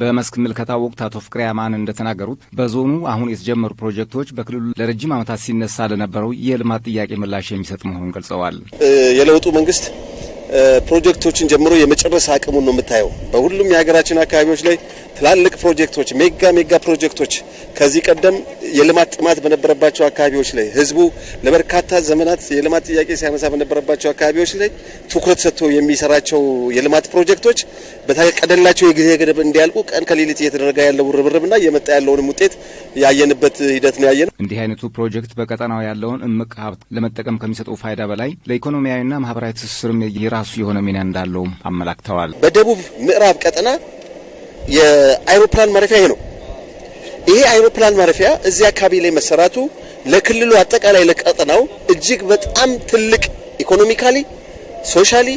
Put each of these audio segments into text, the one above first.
በመስክ ምልከታ ወቅት አቶ ፍቅሬ አማን እንደተናገሩት በዞኑ አሁን የተጀመሩ ፕሮጀክቶች በክልሉ ለረጅም ዓመታት ሲነሳ ለነበረው የልማት ጥያቄ ምላሽ የሚሰጥ መሆኑን ገልጸዋል። የለውጡ መንግስት ፕሮጀክቶችን ጀምሮ የመጨረስ አቅሙን ነው የምታየው። በሁሉም የሀገራችን አካባቢዎች ላይ ትላልቅ ፕሮጀክቶች ሜጋ ሜጋ ፕሮጀክቶች ከዚህ ቀደም የልማት ጥማት በነበረባቸው አካባቢዎች ላይ ህዝቡ ለበርካታ ዘመናት የልማት ጥያቄ ሲያነሳ በነበረባቸው አካባቢዎች ላይ ትኩረት ሰጥቶ የሚሰራቸው የልማት ፕሮጀክቶች በታቀደላቸው የጊዜ ገደብ እንዲያልቁ ቀን ከሌሊት እየተደረገ ያለውን ርብርብና እየመጣ ያለውንም ውጤት ያየንበት ሂደት ነው ያየነው። እንዲህ አይነቱ ፕሮጀክት በቀጠናው ያለውን እምቅ ሀብት ለመጠቀም ከሚሰጠው ፋይዳ በላይ ለኢኮኖሚያዊና ማህበራዊ ትስስርም የራሱ የሆነ ሚና እንዳለውም አመላክተዋል። በደቡብ ምዕራብ ቀጠና የአይሮፕላን ማረፊያ ይሄ ነው። ይሄ አውሮፕላን ማረፊያ እዚህ አካባቢ ላይ መሰራቱ ለክልሉ አጠቃላይ ለቀጠናው እጅግ በጣም ትልቅ ኢኮኖሚካሊ፣ ሶሻሊ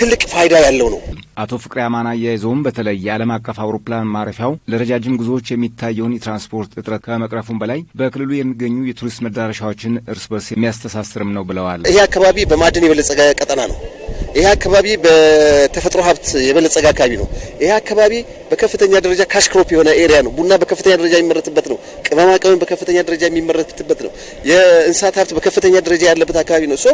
ትልቅ ፋይዳ ያለው ነው። አቶ ፍቅሬ አማን አያይዘውም በተለይ የዓለም አቀፍ አውሮፕላን ማረፊያው ለረጃጅም ጉዞዎች የሚታየውን የትራንስፖርት እጥረት ከመቅረፉም በላይ በክልሉ የሚገኙ የቱሪስት መዳረሻዎችን እርስ በርስ የሚያስተሳስርም ነው ብለዋል። ይሄ አካባቢ በማዕድን የበለጸገ ቀጠና ነው። ይህ አካባቢ በተፈጥሮ ሀብት የበለጸገ አካባቢ ነው። ይህ አካባቢ በከፍተኛ ደረጃ ካሽ ክሮፕ የሆነ ኤሪያ ነው። ቡና በከፍተኛ ደረጃ የሚመረትበት ነው። ቅመማ ቅመም በከፍተኛ ደረጃ የሚመረትበት ነው። የእንስሳት ሀብት በከፍተኛ ደረጃ ያለበት አካባቢ ነው። ሶ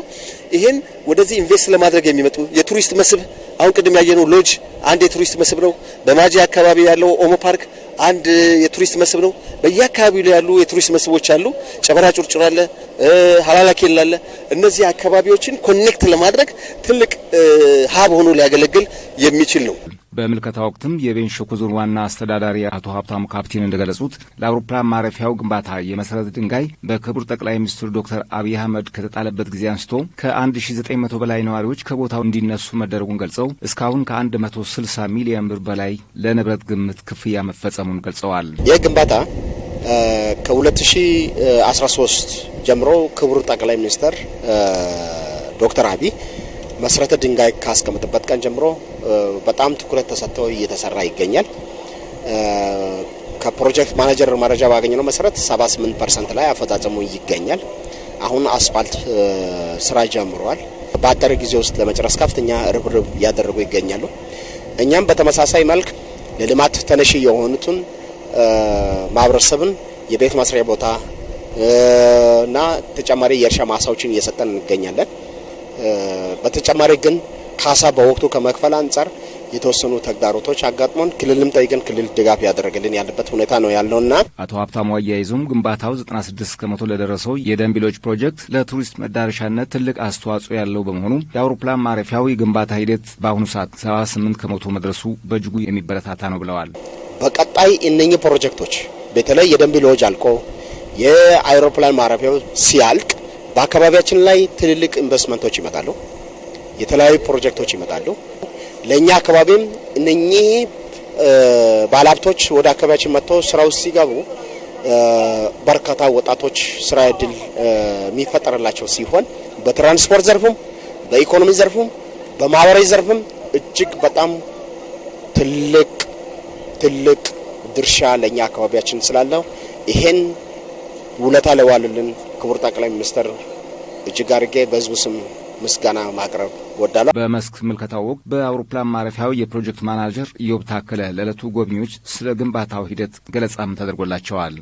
ይሄን ወደዚህ ኢንቨስት ለማድረግ የሚመጡ የቱሪስት መስህብ አሁን ቅድም ያየነው ሎጅ አንድ የቱሪስት መስህብ ነው። በማጂ አካባቢ ያለው ኦሞ ፓርክ አንድ የቱሪስት መስህብ ነው። በየአካባቢው ላይ ያሉ የቱሪስት መስህቦች አሉ። ጨበራ ጩርጩር አለ፣ ሀላላ ኬላ አለ። እነዚህ አካባቢዎችን ኮኔክት ለማድረግ ትልቅ ሀብ ሆኖ ሊያገለግል የሚችል ነው። በምልከታ ወቅትም የቤንች ሸኮ ዞን ዋና አስተዳዳሪ አቶ ሀብታሙ ካፕቴን እንደገለጹት ለአውሮፕላን ማረፊያው ግንባታ የመሰረት ድንጋይ በክቡር ጠቅላይ ሚኒስትር ዶክተር አብይ አህመድ ከተጣለበት ጊዜ አንስቶ ከ1900 በላይ ነዋሪዎች ከቦታው እንዲነሱ መደረጉን ገልጸው እስካሁን ከ160 ሚሊዮን ብር በላይ ለንብረት ግምት ክፍያ መፈጸሙን ገልጸዋል። ይህ ግንባታ ከ2013 ጀምሮ ክቡር ጠቅላይ ሚኒስትር ዶክተር አብይ መሰረተ ድንጋይ ካስቀምጥበት ቀን ጀምሮ በጣም ትኩረት ተሰጥቶ እየተሰራ ይገኛል። ከፕሮጀክት ማናጀር መረጃ ባገኘነው መሰረት 78 ፐርሰንት ላይ አፈጻጸሙ ይገኛል። አሁን አስፋልት ስራ ጀምሯል። በአጠረ ጊዜ ውስጥ ለመጨረስ ከፍተኛ ርብርብ እያደረጉ ይገኛሉ። እኛም በተመሳሳይ መልክ ለልማት ተነሺ የሆኑትን ማህበረሰብን የቤት መስሪያ ቦታ እና ተጨማሪ የእርሻ ማሳዎችን እየሰጠን እንገኛለን። በተጨማሪ ግን ካሳ በወቅቱ ከመክፈል አንጻር የተወሰኑ ተግዳሮቶች አጋጥሞን ክልልም ጠይቅን ክልል ድጋፍ ያደረገልን ያለበት ሁኔታ ነው ያለውና አቶ ሀብታሙ አያይዞም ግንባታው 96 ከመቶ ለደረሰው የደንቢሎች ፕሮጀክት ለቱሪስት መዳረሻነት ትልቅ አስተዋጽኦ ያለው በመሆኑ የአውሮፕላን ማረፊያው የግንባታ ሂደት በአሁኑ ሰዓት 78 ከመቶ መድረሱ በእጅጉ የሚበረታታ ነው ብለዋል። በቀጣይ እነኚህ ፕሮጀክቶች በተለይ የደንቢሎች አልቆ የአውሮፕላን ማረፊያው ሲያልቅ በአካባቢያችን ላይ ትልልቅ ኢንቨስትመንቶች ይመጣሉ፣ የተለያዩ ፕሮጀክቶች ይመጣሉ። ለእኛ አካባቢም እነኚህ ባለሀብቶች ወደ አካባቢያችን መጥተው ስራ ውስጥ ሲገቡ በርካታ ወጣቶች ስራ እድል የሚፈጠርላቸው ሲሆን በትራንስፖርት ዘርፉም በኢኮኖሚ ዘርፉም በማህበራዊ ዘርፍም እጅግ በጣም ትልቅ ትልቅ ድርሻ ለእኛ አካባቢያችን ስላለው ይሄን ውለታ ለዋሉልን ክቡር ጠቅላይ ሚኒስትር እጅግ አድርጌ በህዝቡ ስም ምስጋና ማቅረብ ወዳለ በመስክ ምልከታው ወቅት በአውሮፕላን ማረፊያው የፕሮጀክት ማናጀር ኢዮብ ታከለ ለዕለቱ ጎብኚዎች ስለ ግንባታው ሂደት ገለጻም ተደርጎላቸዋል።